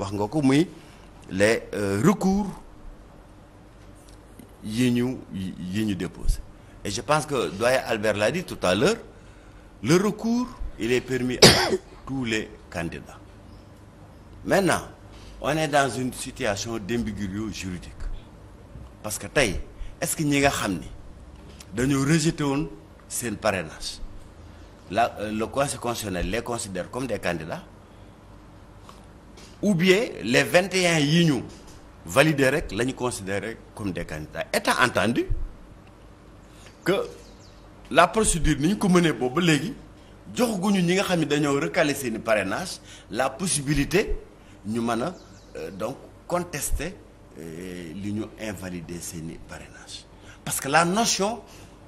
wax nga ko muy les euh, recours yi ñu yi ñu déposé et je pense que doyen Albert l'a dit tout à l'heure le recours il est permis à tous les candidats maintenant on dans une situation d'ambiguïté juridique parce que tey est-ce que ñi nga xam ni dañoo rejeté woon seen parrainage la euh, le conseil constitutionnel les considère comme des candidats ou bien les 21 yi ñu validé rek la ñu considéré comme des candidats étant entendu que la procédure ni ñu ko mënee boobu ba léegi joxaguñu ñi nga xam ne dañoo recalé seeni parrainage la possibilité ñu mën a euh, donc contester euh, li ñu invalider seeni parrainage parce que la notion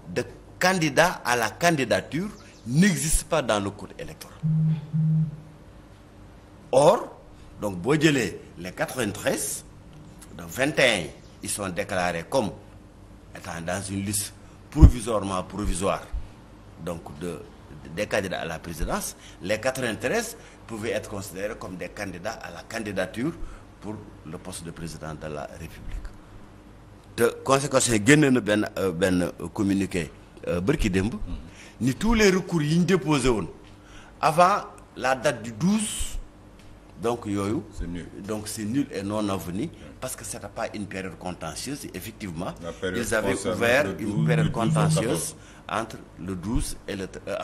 de candidat à la candidature n'existe pas dans le code électoral or donc boo jëlee les 93 donc 21 yi ils sont déclarés comme étant dans une liste provisoirement provisoire donc de des candidats à la présidence les 93 pouvaient être considérés comme des candidats à la candidature pour le poste de président de la République te conséquence yi génne na benn euh, benn communiqué euh, bërki démb ni tous les recours yi ñu déposé woon avant la date du 12 donc yooyu. c'est donc c'est nul et non avenu parce que c'était pas une période contentieuse effectivement. ils avaient ouvert une période contentieuse entre le 12 et le euh,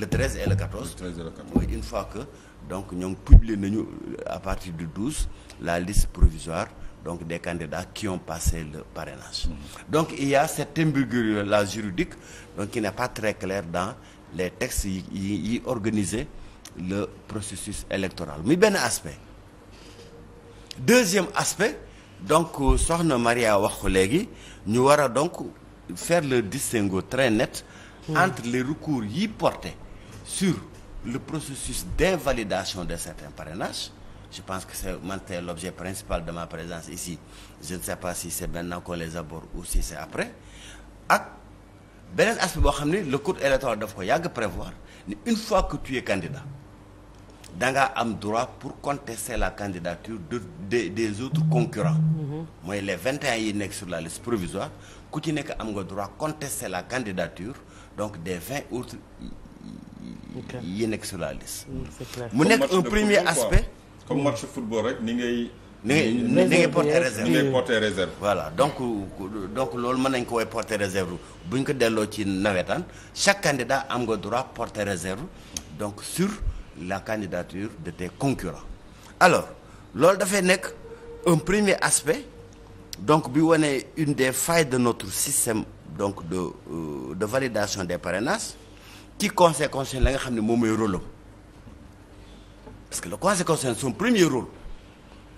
le 13 et le 14. oui une fois que donc ñoom publier nañu euh, à partir du 12 la liste provisoire donc des candidats qui ont passé le parrainage. Mm-hmm. donc il y a cette ambiguïté là juridique donc qui n'est pas très claire dans les textes yi yi yi organisés. le processus électoral muy benn aspect deuxième aspect donc euh, soxna Maria wax ko léegi ñu war a donc faire le distinguo très net hmm. entre les recours yi porté sur le processus d'invalidation de certains parrainages je pense que c'est man c'est l'objet principal de ma présence ici je ne sais pas si c'est maintenant qu'on les aborde ou si après ak beneen aspect boo xam ne le code électoral daf ko yàgg prévoir ni une fois que tu es candidat dangaa am droit pour contester la candidature de, de des autres concurrents mm-hmm. mooy les 21 yi nekk sur la liste provisoire ku ci nekk am nga droit contester la candidature donc des 20 autres yi nekk sur la liste mm, mu nekk un premier aspect comme match football rek na ngay porté réserve na ngay porté réserve voilà donc donc loolu mën nañ ko woy porté réserve bu ñu ko delloo ci nawetaan chaque candidat am nga droit porté réserve donc sur la candidature de tes concurrents alors loolu dafay nekk un premier aspect donc bi wane une des failles de notre système donc de euh, de validation des parrainages ci conseil la nga xam ne moom mooy rôle am parce que le conseil constitutionnel son premier rôle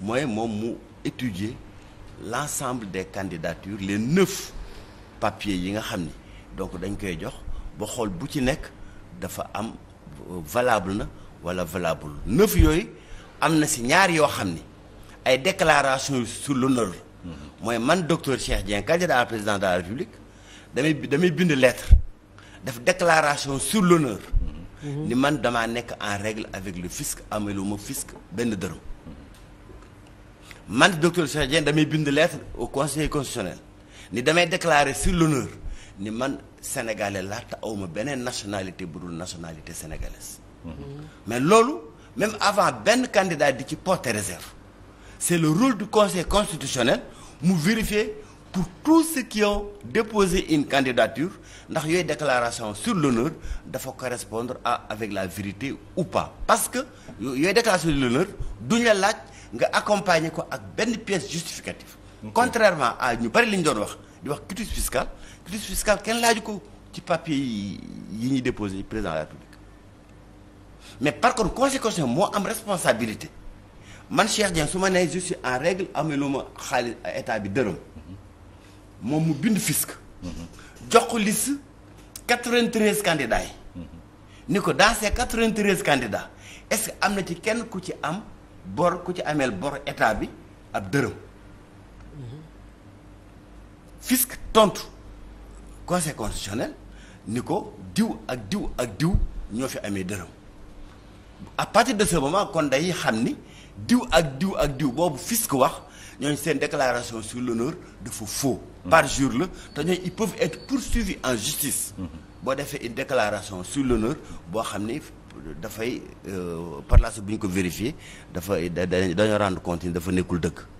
mooy moom mu étudier l'ensemble des candidatures les neuf papiers yi nga xam ni donc dañ koy jox ba xool bu ci nekk dafa am euh, valable na wala valable neuf yooyu am na si ñaar yoo xam ni ay déclaration sur l'honneur mm-hmm. mooy man docteur Cheikh Dieng candidat à président de la République damay damay bind lettre daf déclaration sur l'honneur mm-hmm. ni man damaa nekk en règle avec le fisc ma fisc benn dërëm man docteur Cheikh Dieng damay bind lettre au conseil constitutionnel ni damay déclarer sur l'honneur ni man sénégalais laa te awma beneen nationalité bu dul nationalité sénégalaise mm-hmm. mais loolu même avant benn candidat di ci porter réserve c'est le rôle du conseil constitutionnel mu vérifier pour tous ceux qui ont déposé une candidature ndax yooy déclaration sur l'honneur dafa correspondre à avec la vérité ou parce que yooyu déclaration sur l'honneur duñ laaj nga accompagner ko ak benn pièce justificative contrairement à ñu bari li ñu doon wax di wax quitus fiscal quitus fiscal kenn laaju ko ci papier yi ñuy déposé président de la République mais par contre conséquence moo am responsabilité man Cheikh Dieng su ma nee je suis en règle ameluma xaalis état bi dërëm moom mu bind fisc mhm. jox ko liste 93 candidats yi mhm. ni ko dans ces 93 candidats est-ce que am na ci kenn ku ci am bor ku ci ameel bor état bi ab dërëm fisc tontu conseil constitutionnel ni ko diw ak diw ak diw ñoo fi amee dërëm à partir de ce moment kon day xam ni diw ak diw ak diw boobu fisc wax ñooñ seen déclaration sur l'honneur dafa faux mm-hmm. par jour la te ñooy ils peuvent être poursuivis en justice mm-hmm. boo defee une déclaration sur l'honneur boo xam ni dafay euh, par la suite bu ñu ko vérifier dafa dañoo rendre compte ni dafa nekkul dëkk